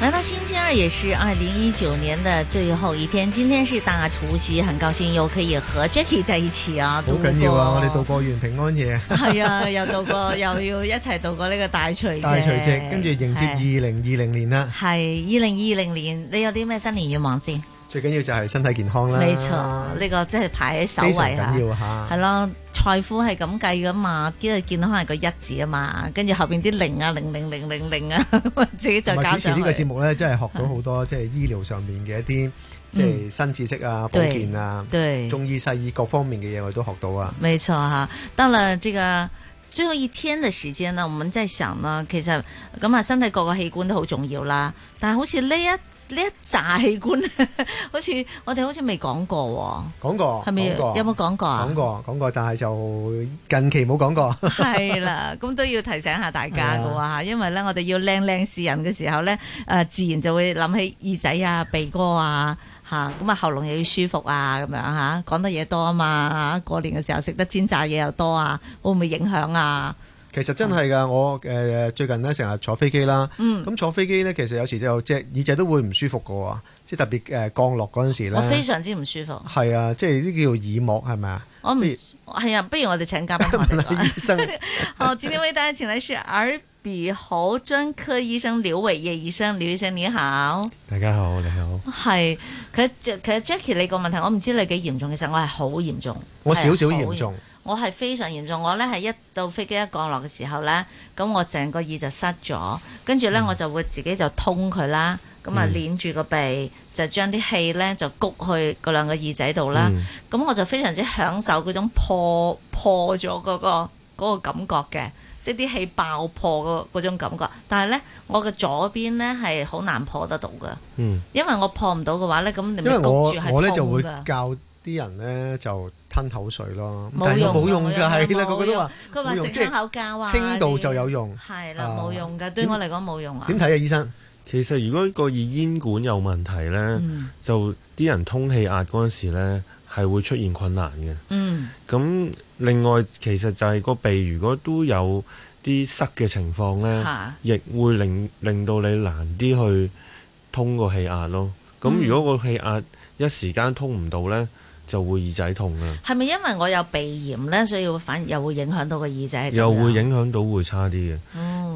來到、嗯、星期二也是二零一九年的最後一天，今天是大除夕，很高興又可以和 Jackie 在一起啊！好緊要啊，過我哋度過完平安夜，係啊，又度過又要一齊度過呢個大除夕，大除夕跟住迎接二零二零年啦。係二零二零年，你有啲咩新年願望先？ 最緊要就係身體健康啦。沒錯，呢、這個即係排喺首位、啊、緊要吓、啊，係咯。財富係咁計噶嘛，跟住見到可能係個一字啊嘛，跟住後邊啲零啊零零零零零啊，自己再加上。主持呢個節目咧，真係學到好多，即係醫療上面嘅一啲即係新知識啊，嗯、保健啊，對中醫、西醫各方面嘅嘢，我都學到啊，冇錯吓。得啦、這個，呢個最後一天嘅時間啦，我們真係想啦，其實咁啊，身體各個器官都好重要啦，但係好似呢一呢一扎器官咧， 好似我哋好似未講過，講過係咪？是是過有冇講過啊？講過講過，但係就近期冇講過。係 啦，咁都要提醒下大家噶話，是的 因為咧我哋要靚靚示人嘅時候咧，誒、呃、自然就會諗起耳仔啊、鼻哥啊，吓咁啊喉嚨又要舒服啊，咁樣吓講得嘢多啊嘛，過年嘅時候食得煎炸嘢又多啊，會唔會影響啊？嗯、其實真係噶，我誒、呃、最近咧成日坐飛機啦，咁坐飛機咧其實有時就隻耳仔都會唔舒服噶，即係特別誒、呃、降落嗰陣時咧，我非常之唔舒服。係啊，即係呢叫耳膜係咪啊？我唔係啊，不如我哋請嘉賓下嚟 醫生， 好，今天為大家請嚟是耳鼻喉專科醫生劉偉業醫生，劉醫生你好。大家好，你好。係，其實 Jackie 你個問題，我唔知你幾嚴重，其實我係好嚴重，我少少嚴重。我係非常嚴重，我呢係一到飛機一降落嘅時候呢，咁我成個耳就塞咗，跟住呢，我就會自己就通佢啦，咁啊捏住個鼻就將啲氣呢就谷去嗰兩個耳仔度啦，咁、嗯、我就非常之享受嗰種破破咗嗰、嗰個嗰個感覺嘅，即係啲氣爆破個嗰種感覺。但係呢，我嘅左邊呢係好難破得到㗎，嗯、因為我破唔到嘅話呢，咁你咪焗住係通。我呢就會教啲人呢就，吞口水咯，冇用冇用噶，係啦，個個都話，佢話食香口膠啊，傾到就有用，係啦，冇用噶，對我嚟講冇用啊。點睇啊，醫生？其實如果個耳咽管有問題咧，就啲人通氣壓嗰陣時咧，係會出現困難嘅。嗯，咁另外其實就係個鼻如果都有啲塞嘅情況咧，亦會令令到你難啲去通個氣壓咯。咁如果個氣壓一時間通唔到咧，就會耳仔痛啦。係咪因為我有鼻炎呢？所以反而又會影響到個耳仔？又會影響到會差啲嘅，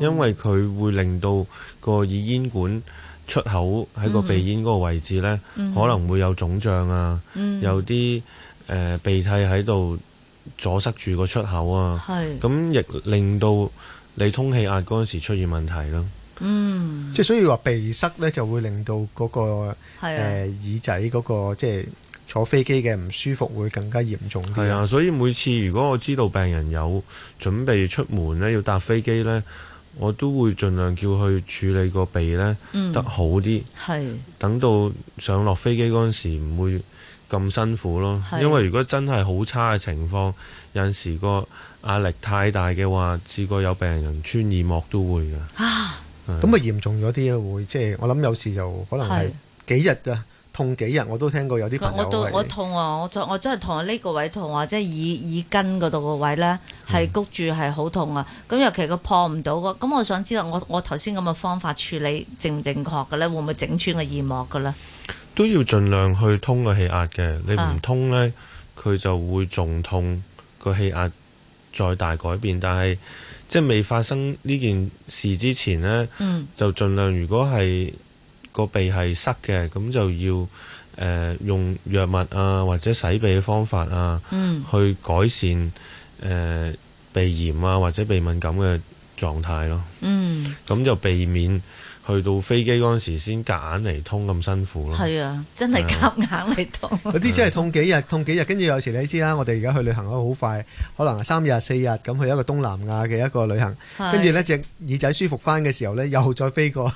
因為佢會令到個耳咽管出口喺個鼻咽嗰個位置呢，可能會有腫脹啊，有啲誒鼻涕喺度阻塞住個出口啊。咁亦令到你通氣壓嗰陣時出現問題咯。嗯，即係所以話鼻塞呢就會令到嗰個耳仔嗰個即係。坐飛機嘅唔舒服會更加嚴重啲。係啊，所以每次如果我知道病人有準備出門咧，要搭飛機呢，我都會盡量叫佢處理個鼻呢，得好啲。嗯，等到上落飛機嗰陣時唔會咁辛苦咯。係。因為如果真係好差嘅情況，有陣時個壓力太大嘅話，試過有病人穿耳膜都會㗎。咁啊係。嚴重咗啲會，即係我諗有時又可能係幾日㗎。痛幾日。我都聽過有啲朋友我，我痛啊！我再我真係同呢個位痛啊，即係耳耳根嗰度個位呢，係谷住係好痛啊！咁、嗯、尤其個破唔到個，咁我想知道我我頭先咁嘅方法處理正唔正確嘅呢，會唔會整穿個耳膜嘅呢？都要盡量去通個氣壓嘅，你唔通呢，佢就會仲痛，個氣壓再大改變。但係即係未發生呢件事之前呢，嗯、就盡量如果係。個鼻係塞嘅，咁就要誒、呃、用藥物啊，或者洗鼻嘅方法啊，嗯、去改善誒、呃、鼻炎啊或者鼻敏感嘅狀態咯。嗯，咁就避免，去到飛機嗰陣時，先夾硬嚟通咁辛苦咯。係啊，真係夾硬嚟通。嗰啲真係痛幾日，痛幾日，跟住有時你知啦。我哋而家去旅行都好快，可能三日四日咁去一個東南亞嘅一個旅行，跟住呢隻耳仔舒服翻嘅時候呢，又再飛過。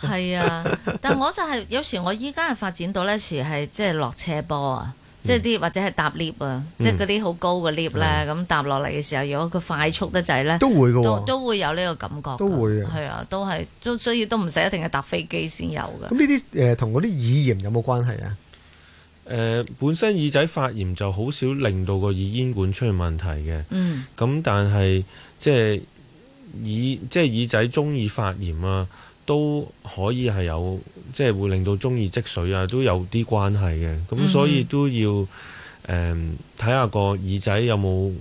係 啊，但我就係、是、有時我依家係發展到呢時係即係落斜波啊。就是即係啲或者係搭 lift 啊，嗯、即係嗰啲好高嘅 lift 咧，咁的搭落嚟嘅時候，如果佢快速得滯咧，都會嘅、啊，都會有呢個感覺都。都會，係啊，都係，所以都唔使一定係搭飛機先有㗎。咁呢啲誒，同嗰啲耳炎有冇關係啊？誒、呃呃，本身耳仔發炎就好少令到個耳咽管出現問題嘅。嗯。咁但係即係耳，即係耳仔中耳發炎啊。都可以係有，即係會令到中耳積水啊，都有啲關係嘅。咁、嗯、哼所以都要誒睇下個耳仔有冇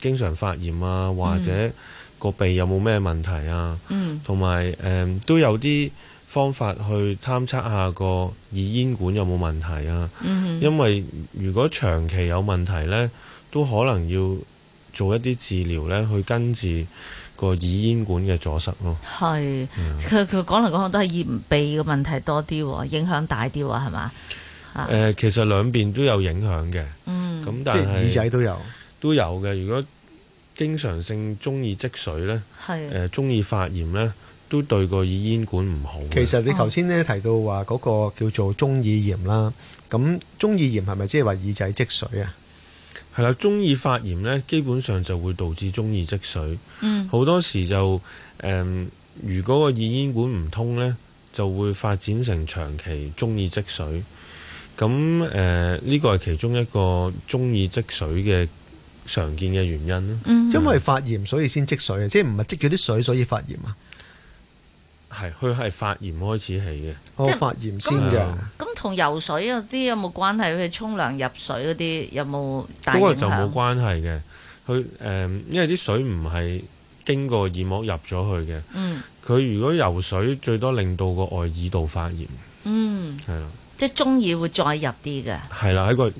經常發炎啊，或者個鼻有冇咩問題啊。嗯哼，同埋誒都有啲方法去探測下個耳咽管有冇問題啊。嗯、哼因為如果長期有問題呢，都可能要做一啲治療呢去根治。個耳咽管嘅阻塞咯，係佢佢講嚟講去都係耳鼻嘅問題多啲，影響大啲，係嘛？誒、呃，其實兩邊都有影響嘅，嗯，咁但係是耳仔都有都有嘅。如果經常性中耳積水咧，係誒是、呃、中耳發炎咧，都對個耳咽管唔好。其實你頭先咧提到話嗰個叫做中耳炎啦，咁中耳炎係咪即係話耳仔積水啊？係啦，中耳發炎咧，基本上就會導致中耳積水。嗯，好多時就誒、呃，如果個耳咽管唔通咧，就會發展成長期中耳積水。咁誒，呢個係其中一個中耳積水嘅常見嘅原因咯。嗯，因為發炎所以先積水啊，即係唔係積咗啲水所以發炎啊？係，佢係發炎開始起嘅，即係、哦、發炎先嘅。咁同、嗯、游水嗰啲有冇關係？譬如沖涼入水嗰啲有冇？嗰個就冇關係嘅。佢誒、呃，因為啲水唔係經過耳膜入咗去嘅。嗯。佢如果游水最多令到個外耳道發炎。嗯。係啦。即係中耳會再入啲嘅。係啦，喺個。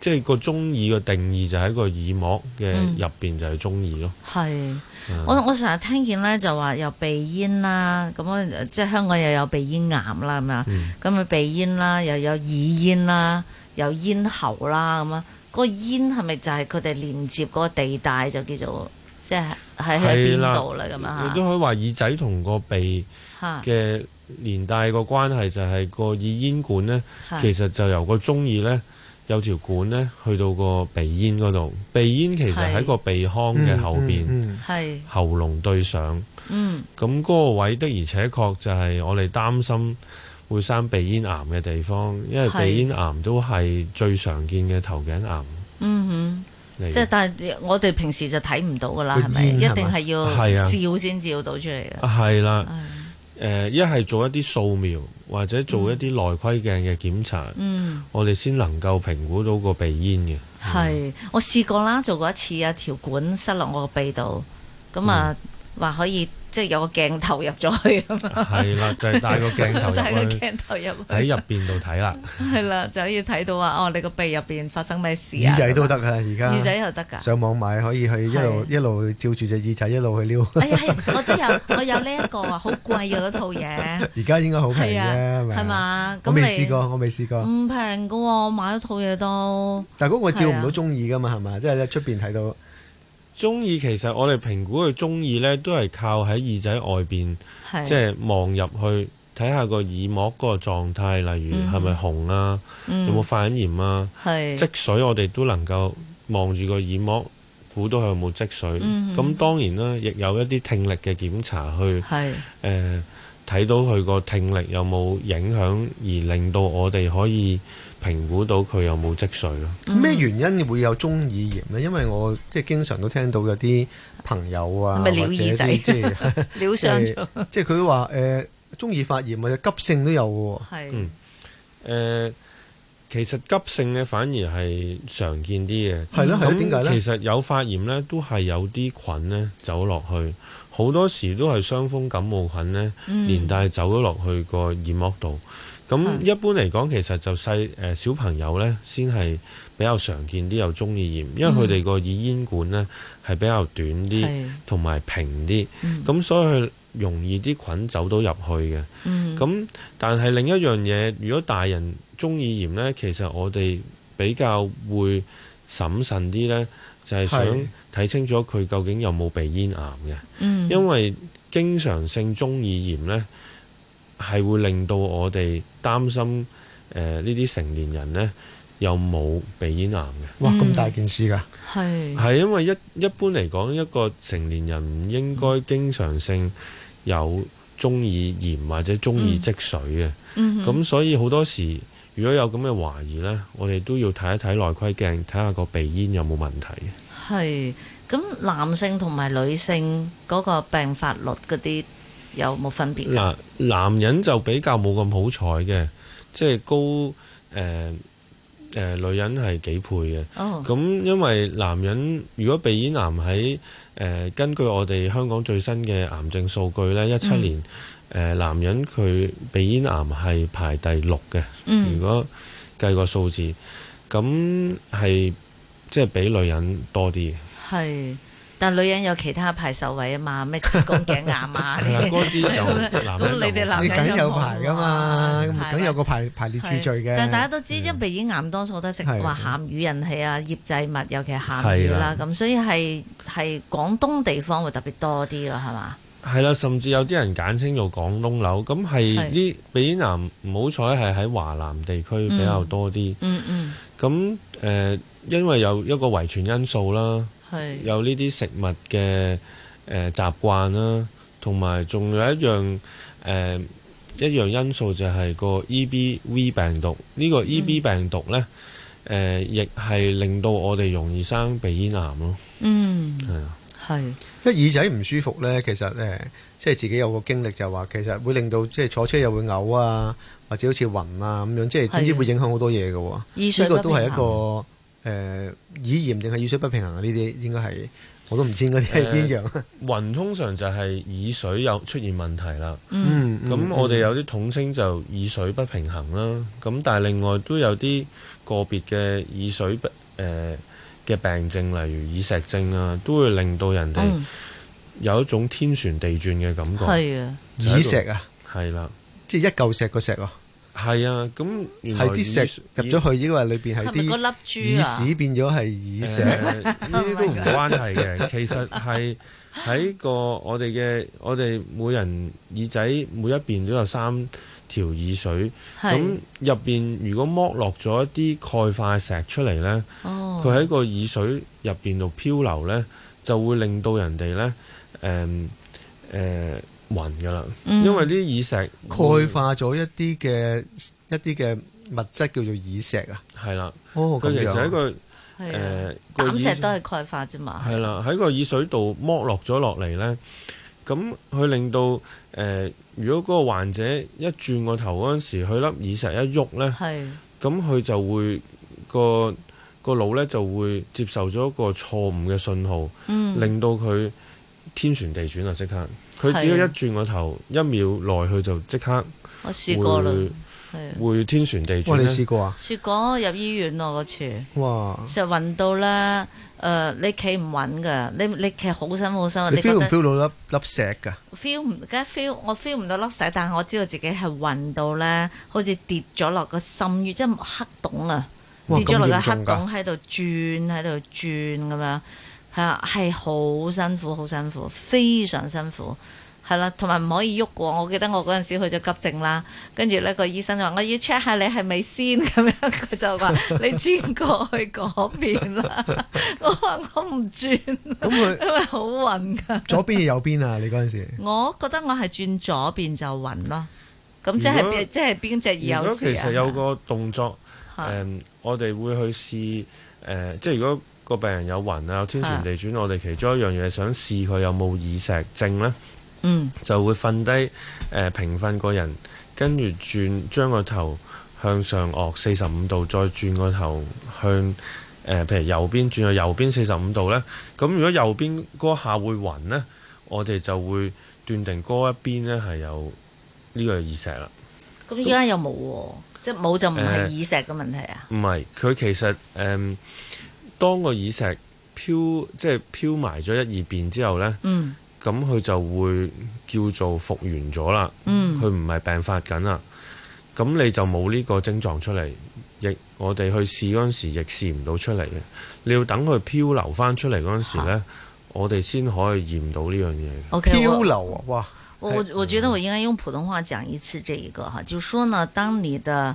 即係個中耳嘅定義就喺個耳膜嘅入邊，就係中耳咯、嗯。係我我成日聽見咧，就話有鼻咽啦，咁、嗯、啊，嗯、即係香港又有鼻咽癌啦，咁咪咁啊，鼻咽啦，又有耳咽啦，有咽喉啦，咁、嗯、啊，嗰個咽係咪就係佢哋連接嗰個地帶就叫做即係喺喺邊度啦？咁、就、啊、是，亦都的、嗯、可以話耳仔同個鼻嘅連帶個關係就係個耳咽管咧，的的其實就由個中耳咧。有條管咧去到個鼻咽嗰度，鼻咽其實喺個鼻腔嘅後邊，嗯嗯嗯、係喉嚨對上。咁嗰、嗯、個位的而且確就係我哋擔心會生鼻咽癌嘅地方，因為鼻咽癌都係最常見嘅頭頸癌。嗯哼，即係你但係我哋平時就睇唔到㗎啦，係咪？一定係要照先照到出嚟㗎。啊，係啦。誒一係做一啲掃描，或者做一啲內窺鏡嘅檢查，嗯、我哋先能夠評估到個鼻咽嘅。係、嗯，我試過啦，做過一次啊，條管塞落我個鼻度，咁啊話可以。嗯即係有個鏡頭入咗去啊嘛，係啦，就帶個鏡頭入，帶個鏡頭入，喺入邊度睇啦，係啦，就可以睇到話哦，你個鼻入邊發生咩事，耳仔都得噶，而家耳仔又得噶，上網買可以去一路一路照住隻耳仔一路去撩，哎呀，我都有，我有呢一個啊，好貴嘅嗰套嘢，而家應該好平嘅，係嘛？未試過，我未試過，唔平噶，我買咗套嘢都，但係嗰個照唔到中意噶嘛，係嘛，即係喺出邊睇到。中耳其實我哋評估佢中耳呢，都係靠喺耳仔外邊，是即係望入去睇下個耳膜個狀態，例如係咪紅啊，嗯、有冇發炎啊，是積水我哋都能夠望住個耳膜估到佢有冇積水。咁、嗯、哼當然啦，亦有一啲聽力嘅檢查去睇是、呃、到佢個聽力有冇影響，而令到我哋可以，評估到佢有冇積水咯、嗯？咩原因會有中耳炎咧？因為我即係經常都聽到有啲朋友啊，是是仔或者即係 傷即係佢話誒中耳發炎，或者急性都有嘅喎是、嗯呃。其實急性嘅反而係常見啲嘅。係咯，點解咧？嗯、其實有發炎咧，都係有啲菌咧走落去，好多時都係傷風感冒菌咧連帶走咗落去個耳膜度。嗯咁、嗯、一般嚟講，其實就細誒小朋友呢，先係比較常見啲有中耳炎，因為佢哋個耳咽管呢係比較短啲，同埋是平啲，咁、嗯、所以佢容易啲菌走到入去嘅。咁、嗯、但係另一樣嘢，如果大人中耳炎呢，其實我哋比較會審慎啲呢，就係、是、想睇清楚佢究竟有冇鼻咽癌嘅，嗯、因為經常性中耳炎呢，係會令到我哋擔心，誒呢啲成年人呢，有冇鼻咽癌嘅？哇，咁大件事噶，係係、嗯、因為一一般嚟講，一個成年人唔應該經常性有中耳炎或者中耳積水嘅、嗯。嗯，咁所以好多時如果有咁嘅懷疑呢，我哋都要睇一睇內窺鏡，睇下個鼻咽有冇問題。係，咁男性同埋女性嗰個病發率嗰啲。有冇分別呢？嗱，男人就比較冇咁好彩嘅，即係高誒誒、呃呃、女人係幾倍嘅。咁、哦、因為男人如果鼻咽癌喺誒、呃，根據我哋香港最新嘅癌症數據呢，一七年誒、嗯呃、男人佢鼻咽癌係排第六嘅。如果計個數字，咁係、嗯、即係比女人多啲。係。但女人有其他排首位啊嘛，咩子宮頸癌啊啲咁，咁你哋男人有冇？咁你梗有排噶嘛，梗有個排排列次序嘅。但係大家都知，因鼻咽癌多數都係食話鹹魚引起啊，醃製物，尤其係鹹魚啦，咁所以係係廣東地方會特別多啲咯，係嘛？係啦，甚至有啲人簡稱做廣東瘤，咁係呢鼻咽癌唔好彩係喺華南地區比較多啲。嗯嗯。咁誒，因為有一個遺傳因素啦。是有呢啲食物嘅誒、呃、習慣啦、啊，同埋仲有一樣誒、呃、一樣因素就係個 EBV 病毒。呢、這個 EB 病毒咧誒，亦係、嗯呃、令到我哋容易生鼻咽癌咯。嗯，係啊是，係。因為耳仔唔舒服咧，其實誒，即係自己有個經歷就係話，其實會令到即係坐車又會嘔啊，或者好似暈啊咁樣，即係點知會影響好多嘢㗎喎。呢個都係一個。誒，耳炎定係耳水不平衡啊？呢啲應該係我都唔知嗰啲係邊樣。雲、呃、通常就係耳水有出現問題啦。嗯，咁、嗯、我哋有啲統稱就耳水不平衡啦。咁但係另外都有啲個別嘅耳水誒嘅、呃、病症，例如耳石症啊，都會令到人哋有一種天旋地轉嘅感覺。係啊、嗯，耳石啊，係啦的，即係一嚿石個石啊。係啊，咁原來係啲石入咗去，應該話裏邊係啲耳屎變咗係耳石，呢啲都唔關係嘅。 其實係喺個我哋嘅，我哋每人耳仔每一邊都有三條耳水。咁入邊如果剝落咗一啲鈣化石出嚟呢，佢喺、哦、個耳水入邊度漂流呢，就會令到人哋呢。誒、呃、誒。呃暈噶啦，因為啲耳石鈣化咗一啲嘅一啲嘅物質叫做耳石啊，係啦了，哦，佢其實喺個誒，膽的、呃、石都係鈣化啫嘛，係啦了，喺的個耳水度剝落咗落嚟咧，咁佢令到誒，如果嗰個患者一轉個頭嗰陣時，佢粒耳石一喐咧，係的，咁佢就會、個、個腦咧就會接受咗一個錯誤嘅信號，的嗯、令到佢天旋地轉啊，即刻。佢只要一轉個頭，的一秒內佢就即刻，我試過啦，係會天旋地轉。哇！你試過啊？試過入醫院咯，嗰次。哇！實暈到咧，誒你企唔穩噶，你你企好辛苦，辛苦，你 feel 唔 feel 到粒粒石噶？feel 唔而家 feel 我 feel 唔到粒石，但係我知道自己係暈到咧，好似跌咗落個深淵，即係黑洞啊！跌咗落個黑洞喺度轉喺度轉咁樣。係好辛苦，好辛苦，非常辛苦，係啦，同埋唔可以喐過。我記得我嗰陣時去咗急症啦，跟住呢個醫生就話：我要 check 下你係咪先咁樣。佢就話：你轉過去嗰邊啦。 我話：我唔轉，因為好暈㗎。 是是左邊亦右邊啊！你嗰陣時，我覺得我係轉左邊就暈咯。咁即係邊？果即係邊隻耳有事、啊、其實有個動作，誒的、嗯，我哋會去試誒、呃，即係如果。個病人有暈啊，有天旋地轉。的我哋其中一樣嘢想試佢有冇耳石症呢？嗯，就會瞓低誒平瞓個人，跟住轉將個頭向上顎四十五度，再轉個頭向誒、呃、譬如右邊轉去右邊四十五度呢。咁如果右邊嗰下會暈呢，我哋就會斷定嗰一邊呢係有呢個耳石啦。咁而家有冇、啊、喎，即係冇就唔係耳石嘅問題啊？唔係、呃，佢其實誒。呃當個耳石漂，即係漂埋咗一二遍之後呢，咁佢、嗯、就會叫做復原咗啦。佢唔係病發緊啦，咁你就冇呢個症狀出嚟，亦我哋去試嗰陣時亦試唔到出嚟嘅。你要等佢漂流翻出嚟嗰陣時咧，好我哋先可以驗到呢樣嘢。漂流哇！我我我覺得我應該用普通話講一次這一個哈，就係、是、說呢，當你的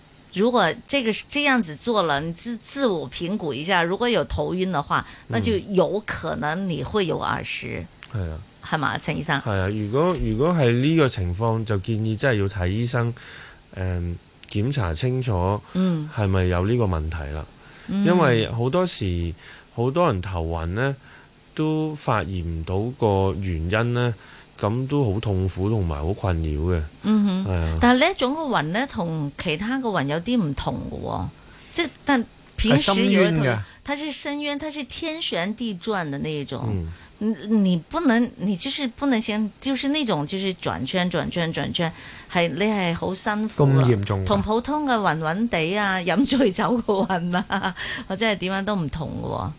如果這個這樣子做了，你自自我評估一下，如果有頭暈的話，嗯、那就有可能你會有耳石，係啊、係嘛，陳醫生？係啊，如果如果係呢個情況，就建議真係要睇醫生，誒、嗯，檢查清楚，嗯，係咪有呢個問題啦？嗯、因為好多時好多人頭暈呢，都發現唔到個原因呢。咁都好痛苦同埋好困擾嘅，嗯哼，係啊、哎呀。但係呢一種嘅暈咧，同其他嘅暈有啲唔同嘅喎、哦，即係但平時有啲，佢係深淵，佢係天旋地轉嘅呢一種，嗯、你你不能，你就是不能先，就是那種，就是轉圈轉圈轉轉轉轉轉，係你係好辛苦，咁嚴重，同普通嘅暈暈地啊、飲醉酒嘅暈啊，或者係點樣都唔同嘅喎。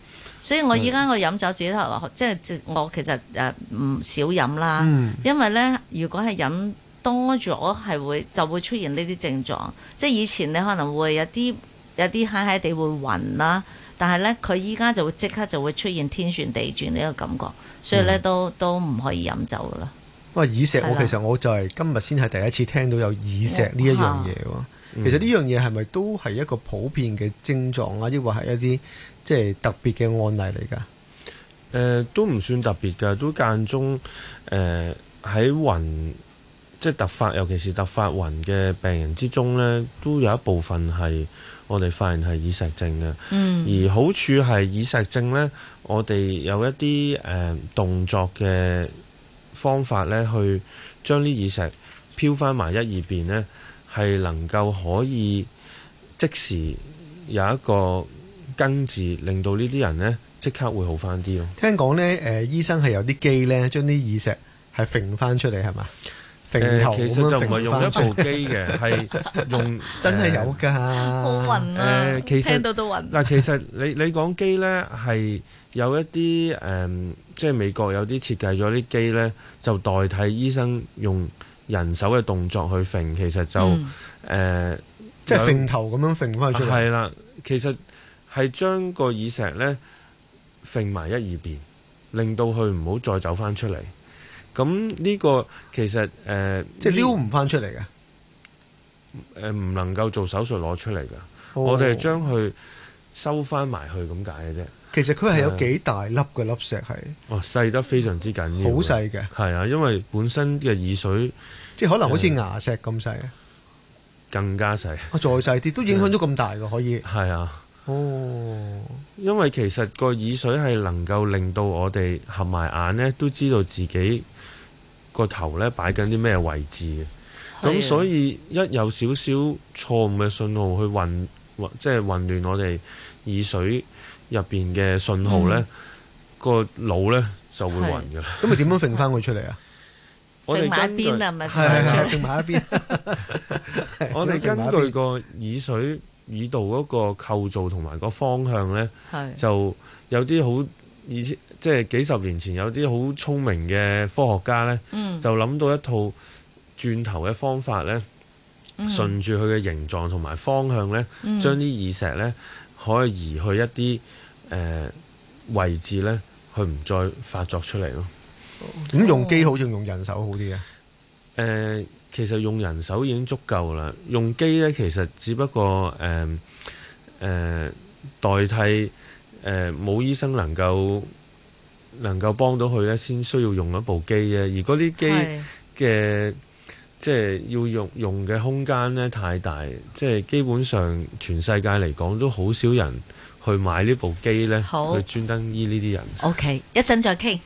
所以我依家我飲酒只頭，即係我其實誒唔少飲啦。因為咧，如果係飲多咗，係會就會出現呢啲症狀。即係以前你可能會有啲有啲嗨嗨地會暈啦，但係咧，佢依家就會即刻就會出現天旋地轉呢個感覺，所以咧都都唔可以飲酒㗎啦。喂，耳石我，我其實我就係今日先係第一次聽到有耳石呢一樣嘢喎。嗯、其實呢樣嘢係咪都係一個普遍嘅症狀啊，抑或係一啲即係特別嘅案例嚟㗎？誒、呃，都唔算特別㗎，都間中誒喺、呃、暈即係突發，尤其是突發暈嘅病人之中咧，都有一部分係我哋發現係耳石症嘅。嗯，而好處係耳石症咧，我哋有一啲誒、呃、動作嘅。方法咧，去將啲耳石漂翻埋一二邊呢，係能夠可以即時有一個根治，令到呢啲人呢即刻會好翻啲咯。聽講，呃，呢，誒醫生係有啲機呢將啲耳石係揈翻出嚟，係咪？呃、其實就唔係用一部機嘅，係 用、呃、真係有噶，好暈啊！呃、聽到都暈。嗱、呃，其實你你講機呢，係有一啲誒、呃，即係美國有啲設計咗啲機呢，就代替醫生用人手嘅動作去揈，其實就誒，嗯呃、即係揈頭咁樣揈翻出嚟。係啦、呃，其實係將個耳石呢揈埋一二邊，令到佢唔好再走翻出嚟。咁呢個其實誒，即係撩唔翻出嚟嘅，誒唔能夠做手術攞出嚟嘅，我哋係將佢收翻埋去咁解嘅啫。其實佢係有幾大粒嘅粒石係，哦細得非常之緊要，好細嘅，係啊，因為本身嘅耳水，即係可能好似牙石咁細，更加細，哦再細啲都影響咗咁大嘅可以，係啊，哦，因為其實個耳水係能夠令到我哋合埋眼咧，都知道自己。個頭咧擺緊啲咩位置嘅，咁的所以一有少少錯誤嘅信號去混，即係混亂我哋耳水入邊嘅信號咧，個腦咧就會暈㗎啦。咁咪點樣揈翻佢出嚟啊？定埋一邊啊？唔係，定埋一邊。我哋根據個耳水耳道嗰個構造同埋個方向咧，的就有啲好意思。即係幾十年前有啲好聰明嘅科學家呢，嗯、就諗到一套轉頭嘅方法呢，嗯、哼順住佢嘅形狀同埋方向呢，嗯、哼將啲耳石呢，可以移去一啲、呃、位置呢，佢唔再發作出嚟咯。咁用機好定用人手好啲啊？誒、嗯嗯，其實用人手已經足夠啦。用機呢，其實只不過誒誒、呃呃、代替冇、呃、醫生能夠。能夠幫到佢呢，先需要用一部機啫。如果啲機嘅是即係要用用嘅空間咧太大，即係基本上全世界嚟講都好少人去買呢部機呢好去專登醫呢啲人。OK，一陣再傾。